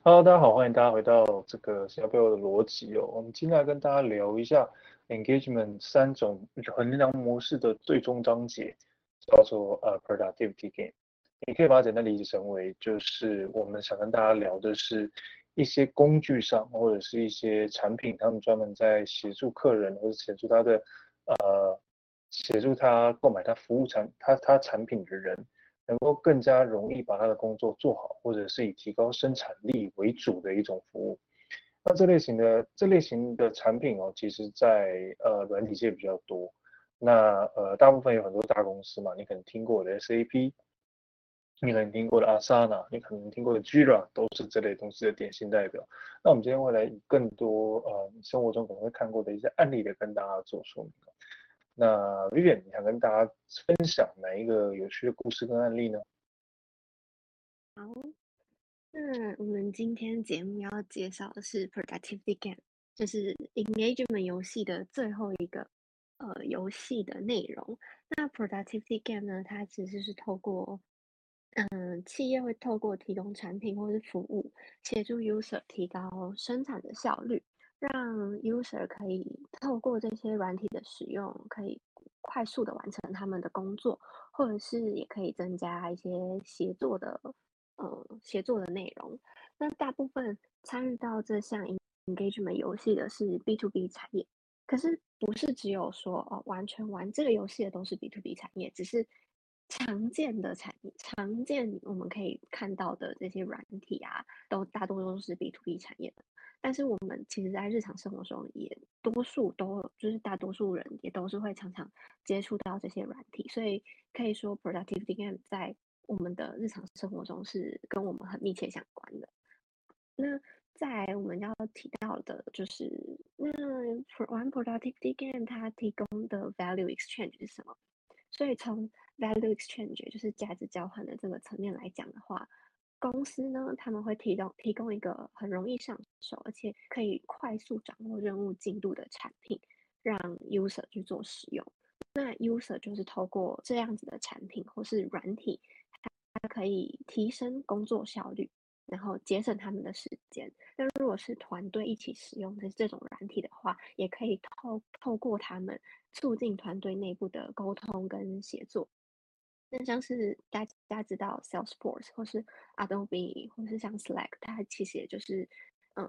Hello，大家好，歡迎大家回到這個小朋友的邏輯哦。我們今天來跟大家聊一下 engagement 三種衡量模式的最終章節，叫做呃 Productivity Game。你可以把它簡單理解成為，就是我們想跟大家聊的是一些工具上或者是一些產品，他們專門在協助客人或者協助他的呃協助他購買他服務產他務他，他產品的人。能夠更加容易把他的工作做好，或者是以提高生產力為主的一種服務。那這類型的這類型的產品哦，其實在，在呃軟體界比較多。那呃大部分有很多大公司嘛，你可能聽過的 SAP，你可能聽過的 Asana，你可能聽過的 Jira 都是這類東西的典型代表。那我們今天會來以更多呃生活中可能會看過的一些案例的跟大家做說明。那 Vivian 想跟大家分享哪一個有趣的故事跟案例呢？好，那我們今天節目要介紹的是 Productivity Game，就是 Engagement 遊戲的最後一個呃遊戲的內容。那 Productivity Game 呢，它其實是透過嗯、呃、企業會透過提供產品或是服務，協助 User 提高生產的效率。讓 user 可以透過這些軟體的使用，可以快速的完成他們的工作，或者是也可以增加一些協作的，呃、嗯，協作的內容。那大部分參與到這項 engagement 遊戲的是 B two B 產業，可是不是只有說哦，完全玩這個遊戲的都是 B two B 產業，只是。常見的產業，常見我們可以看到的這些軟體啊，都大多都是 B to B 產業的。但是我們其實在日常生活中，也多數都就是大多數人也都是會常常接觸到這些軟體，所以可以說 Productivity Game 在我們的日常生活中是跟我們很密切相關的。那在我們要提到的就是那玩 Productivity Game 它提供的 Value Exchange 是什麼？所以從 value exchange 就是價值交換的這個層面來講的話，公司呢，他們會提供提供一個很容易上手，而且可以快速掌握任務進度的產品，讓 user 去做使用。那 user 就是透過這樣子的產品或是軟體，它可以提升工作效率，然後節省他們的時間。那如果是團隊一起使用的這種軟體的話，也可以透透過他們促進團隊內部的溝通跟協作。那像是大家大家知道 Salesforce 或是 Adobe 或是像 Slack，它其實也就是，呃，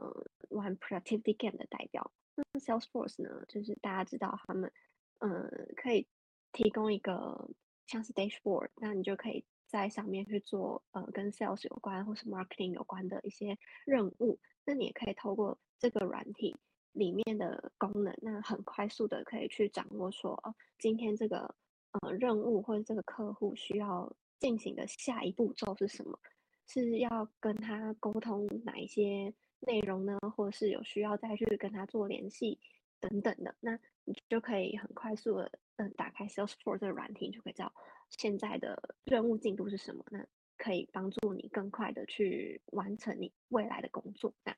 玩 Productivity Game 的代表。那 Salesforce 呢，就是大家知道他們，呃，可以提供一個像是 Dashboard，那你就可以在上面去做呃跟 Sales 有關或是 Marketing 有關的一些任務。那你也可以透過這個軟體裡面的功能，那很快速的可以去掌握說，哦，今天這個。呃、嗯，任務或者這個客戶需要進行的下一步驟是什麼？是要跟他溝通哪一些內容呢？或者是有需要再去跟他做聯繫等等的？那你就可以很快速的，嗯，打開 Salesforce 這個軟體，就可以知道現在的任務進度是什麼，那可以幫助你更快的去完成你未來的工作。那，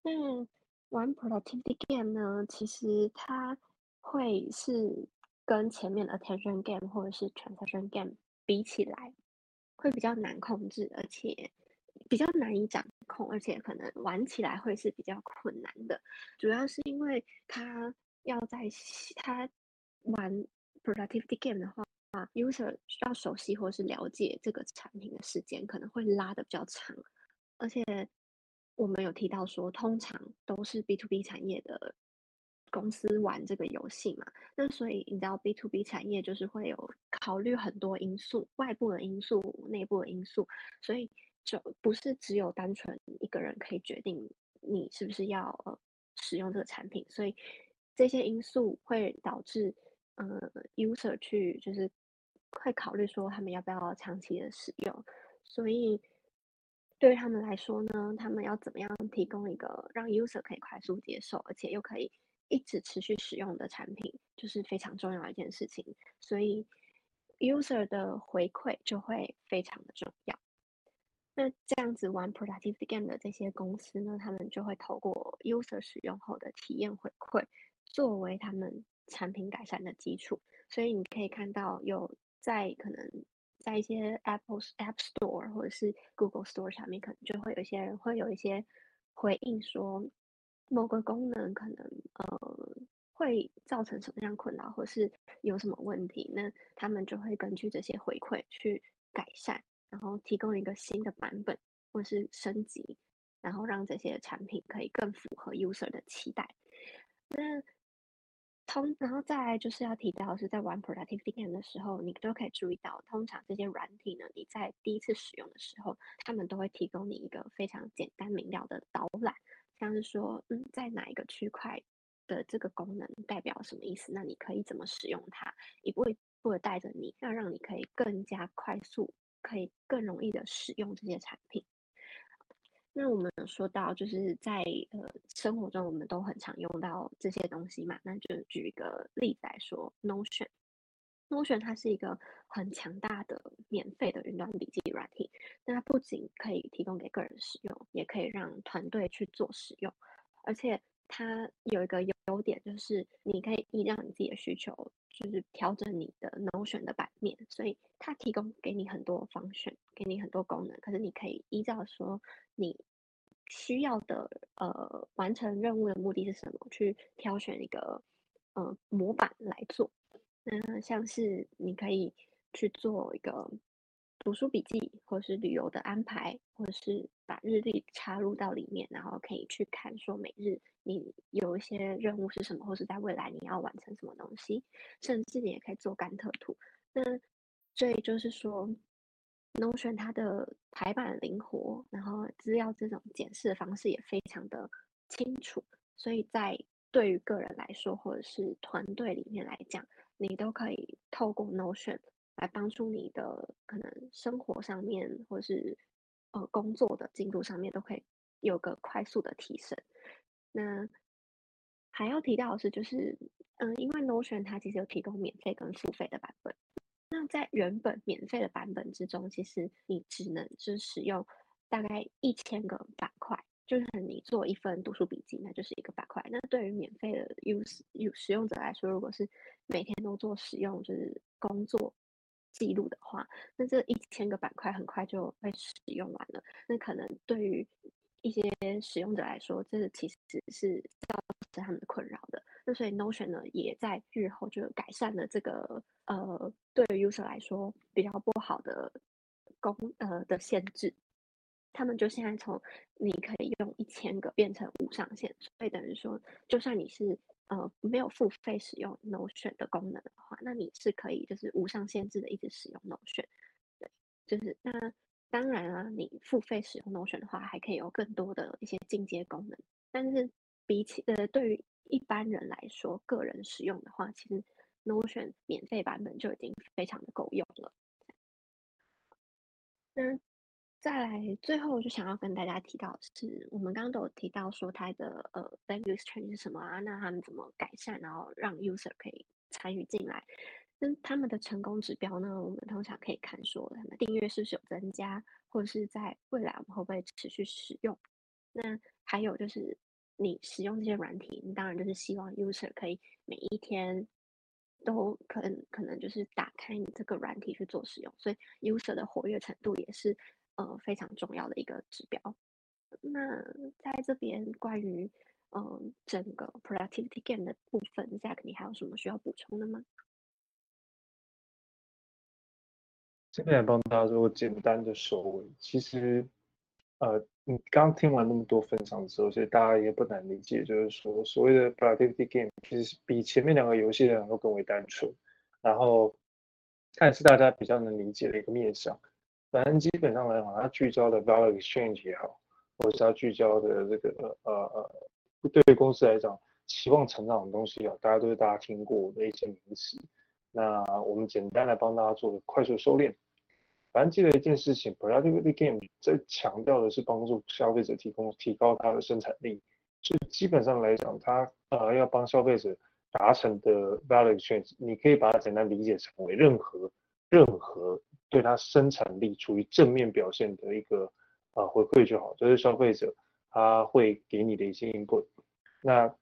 那玩 Productivity Game 呢？其實它會是。跟前面的 attention game 或者是 transaction game 比起來，會比較難控制，而且比較難以掌控，而且可能玩起來會是比較困難的。主要是因為他要在他玩 productivity game 的話，啊，user 需要熟悉或是了解這個產品的時間可能會拉得比較長。而且我們有提到說，通常都是 B to B 產業的。公司玩這個遊戲嘛？那所以你知道 B to B 產業就是會有考慮很多因素，外部的因素、內部的因素，所以就不是只有單純一個人可以決定你是不是要呃使用這個產品。所以這些因素會導致呃 user 去就是會考慮說他們要不要長期的使用。所以對於他們來說呢，他們要怎麼樣提供一個讓 user 可以快速接受，而且又可以。一直持續使用的產品就是非常重要一件事情，所以 user 的回饋就會非常的重要。那這樣子玩 productivity game 的這些公司呢，他們就會透過 user 使用後的體驗回饋，作為他們產品改善的基礎。所以你可以看到，有在可能在一些 Apple App Store 或者是 Google Store 上面，可能就會有一些人會有一些回應說，某個功能可能呃會造成什麼樣困擾，或是有什麼問題，那他們就會根據這些回饋去改善，然後提供一個新的版本或是升級，然後讓這些產品可以更符合 user 的期待。那通然後再來就是要提到是在玩 Productivity Game 的時候，你都可以注意到，通常這些軟體呢，你在第一次使用的時候，他們都會提供你一個非常簡單明了的導覽。像是說，嗯，在哪一個區塊的這個功能代表什麼意思？那你可以怎麼使用它？也不會，不會帶着你，要讓你可以更加快速，可以更容易的使用這些產品。那我們說到，就是在呃生活中，我們都很常用到這些東西嘛。那就舉一個例子來說，Notion。Notion 它是一個很強大的免費的雲端筆記軟件，那它不僅可以提供給個人使用，也可以讓團隊去做使用。而且它有一個優點，就是你可以依照你自己的需求，就是調整你的 Notion 的版面。所以它提供給你很多方式，給你很多功能，可是你可以依照說你需要的呃完成任務的目的是什麼，去挑選一個呃模板來做。嗯，像是你可以去做一個讀書筆記，或是旅遊的安排，或者是把日曆插入到裡面，然後可以去看說每日你有一些任務是什麼，或是在未來你要完成什麼東西，甚至你也可以做甘特圖。那所以就是說，Notion 它的排版靈活，然後資料這種檢視的方式也非常的清楚，所以在對於個人來說，或者是團隊裡面來講。你都可以透過 Notion 來幫助你的可能生活上面，或是呃工作的進度上面，都可以有個快速的提升。那還要提到的是，就是嗯，因為 Notion 它其實有提供免費跟付費的版本。那在原本免費的版本之中，其實你只能是使用大概一千個板塊。就是你做一份讀書筆記，那就是一個板塊。那對於免費的用使用者來說，如果是每天都做使用，就是工作記錄的話，那這一千個板塊很快就會使用完了。那可能對於一些使用者來說，這其實是造成他們的困擾的。那所以 Notion 呢，也在日後就改善了這個呃，對於 user 來說比較不好的功呃的限制。他們就現在從你可以用一千個變成無上限，所以等於說，就算你是呃沒有付費使用 Notion 的功能的話，那你是可以就是無上限制的一直使用 Notion。對，就是那當然啊，你付費使用 Notion 的話，還可以有更多的一些進階功能。但是比起呃對於一般人來說，個人使用的話，其實 Notion 免費版本就已經非常的夠用了。那。再來，最後，就想要跟大家提到的是，是我們剛剛都有提到說它的呃，value string 是什麼啊？那他們怎麼改善，然後讓 user 可以參與進來？那他們的成功指標呢？我們通常可以看說，他們訂閱是不是有增加，或者是在未來我們會不會持續使用？那還有就是，你使用這些軟體，你當然就是希望 user 可以每一天都可能可能就是打開你這個軟體去做使用，所以 user 的活躍程度也是。呃，非常重要的一個指標。那在這邊關於呃整個 Productivity Game 的部分，Jack，你還有什麼需要補充的嗎？現在來幫大家做個簡單的收尾。其實，呃，你剛聽完那麼多分享之後，其實大家也不難理解，就是說所謂的 Productivity Game 其實比前面兩個遊戲都更為單純，然後看是大家比較能理解的一個面向。反正基本上來講，它聚焦的 value exchange 也好，或者是它聚焦的這個呃呃，對公司來講，期望成長的東西也好，大家都是大家聽過的一些名詞。那我們簡單來幫大家做個快速收斂。反正記得一件事情，productivity game 在強調的是幫助消費者提供提高他的生產力。所以基本上來講，它呃要幫消費者達成的 value exchange，你可以把它簡單理解成為任何任何。對它生產力處於正面表現的一個呃回饋就好，這、就是消費者他會給你的一些 input。那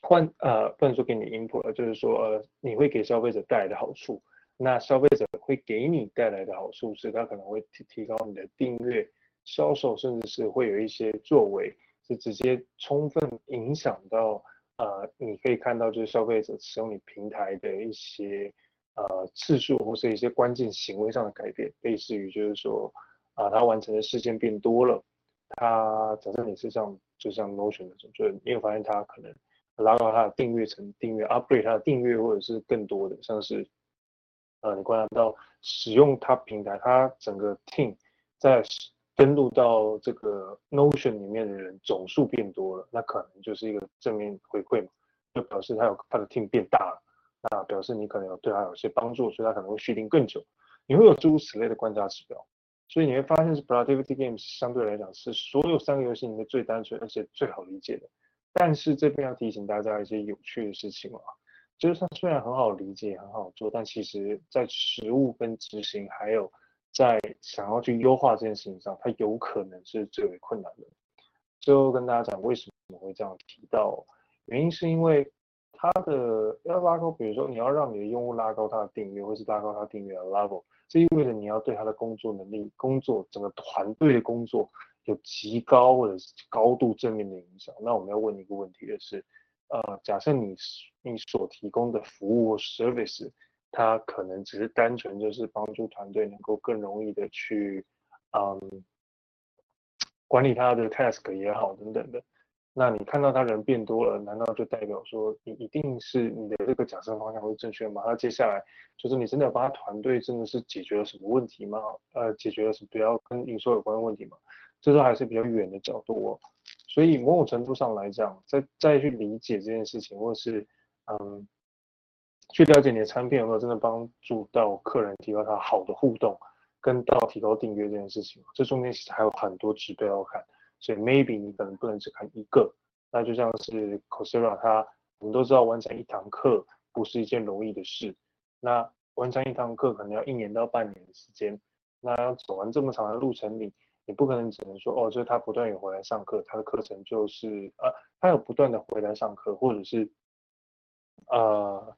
換呃不能說給你 input，就是說呃你會給消費者帶來的好處。那消費者會給你帶來的好處是，他可能會提提高你的訂閱銷售，甚至是會有一些作為，是直接充分影響到呃你可以看到就是消費者使用你平台的一些，呃，次數或是一些關鍵行為上的改變，類似於就是說，啊、呃，他完成的事件變多了。他假設你是像就像 Notion 那種，就你有沒有發現他可能拉到他的訂閱層，訂閱 upgrade 他的訂閱，或者是更多的，像是呃，你觀察到使用他平台，他整個 team 在登錄到這個 Notion 裡面的人總數變多了，那可能就是一個正面回饋嘛，就表示他有他的 team 變大了。那表示你可能有對他有些幫助，所以他可能會續訂更久。你會有諸如此類的觀察指標，所以你會發現是 Productivity Games 相對來講是所有三個遊戲裡面最單純而且最好理解的。但是這邊要提醒大家一些有趣的事情啊，就是它雖然很好理解、很好做，但其實在實務跟執行，還有在想要去優化這件事情上，它有可能是最為困難的。最後跟大家講為什麼我會這樣提到，原因是因為。他的，要拉高，比如說你要讓你的用戶拉高他的訂閱，或是拉高他訂閱的 level，這意味着你要對他的工作能力、工作、整個團隊的工作有極高或者是高度正面的影響。那我們要問一個問題的是，呃，假設你你所提供的服務或 service，它可能只是單純就是幫助團隊能夠更容易的去，嗯，管理他的 task 也好等等的。那你看到他人變多了，難道就代表說你一定是你的這個假設方向會正確嗎？那接下來就是你真的有幫他團隊真的是解決了什麼問題嗎？呃，解決了什麼比較跟營收有關的問題嗎？這都還是比較遠的角度哦。所以某種程度上來講，再再去理解這件事情，或者是嗯，去了解你的產品有沒有真的幫助到客人提高他的好的互動，跟到提高訂閱這件事情，這中間其實還有很多指標要看。所以 maybe 你可能不能只看一個，那就像是 Coursera，他我們都知道完成一堂課不是一件容易的事，那完成一堂課可能要一年到半年的時間，那要走完這麼長的路程裡，你不可能只能說哦，就是他不斷有回來上課，他的課程就是呃，他有不斷的回來上課，或者是，呃，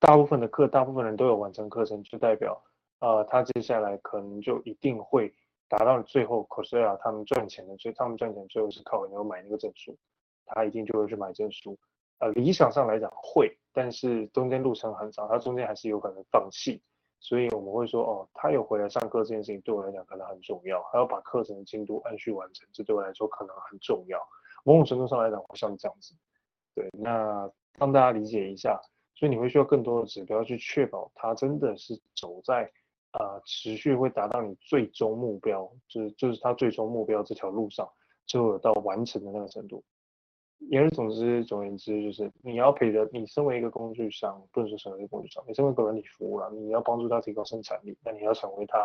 大部分的課大部分人都有完成課程，就代表呃，他接下來可能就一定會。達到最後，Coursera 他們賺錢的，所以他們賺錢的最後是靠你要買那個證書，他一定就會去買證書。啊、呃，理想上來講會，但是中間路程很長，他中間還是有可能放棄。所以我們會說，哦，他有回來上課這件事情對我來講可能很重要，還要把課程的進度按序完成，這對我來說可能很重要。某種程度上來講，像這樣子，對，那幫大家理解一下。所以你會需要更多的指標去確保他真的是走在。啊、呃，持續會達到你最終目標，就是就是他最終目標這條路上，最後有到完成的那個程度。言而總之，總而言之，就是你要陪着你身為一個工具商，不能說成為一個工具商，你身為個人，你服務了、啊，你要幫助他提高生產力，那你要成為他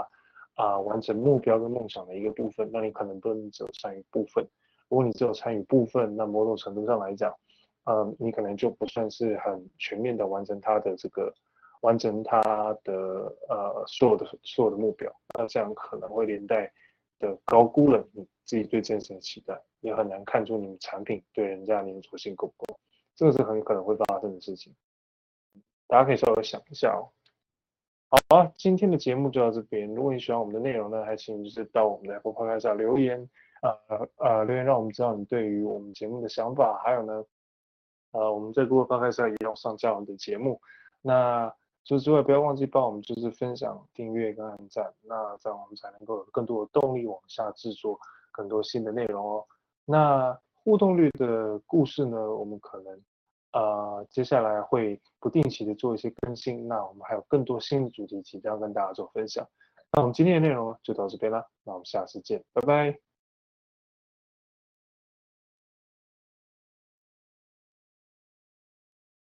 啊、呃、完成目標跟夢想的一個部分。那你可能不能只有參與部分，如果你只有參與部分，那某種程度上來講，呃，你可能就不算是很全面的完成他的這個。完成他的呃所有的所有的目標，那這樣可能會連帶的高估了你自己對這件事的期待，也很難看出你們產品對人家黏着性夠不夠，這個是很可能會發生的事情。大家可以稍微想一下哦。好啊，今天的節目就到這邊。如果你喜歡我們的內容呢，還請就是到我們的 Apple Podcast 留言，呃,呃留言讓我們知道你對於我們節目的想法，還有呢，呃我們在 Apple Podcast 上也有上架我們的節目，那。除此之外，不要忘記幫我們就是分享、訂閱跟按讚，那這樣我們才能夠有更多的動力往下制作更多新的內容哦。那互動率的故事呢，我們可能，呃，接下來會不定期的做一些更新，那我們還有更多新的主題即將跟大家做分享。那我們今天的內容就到這邊了，那我們下次見，拜拜。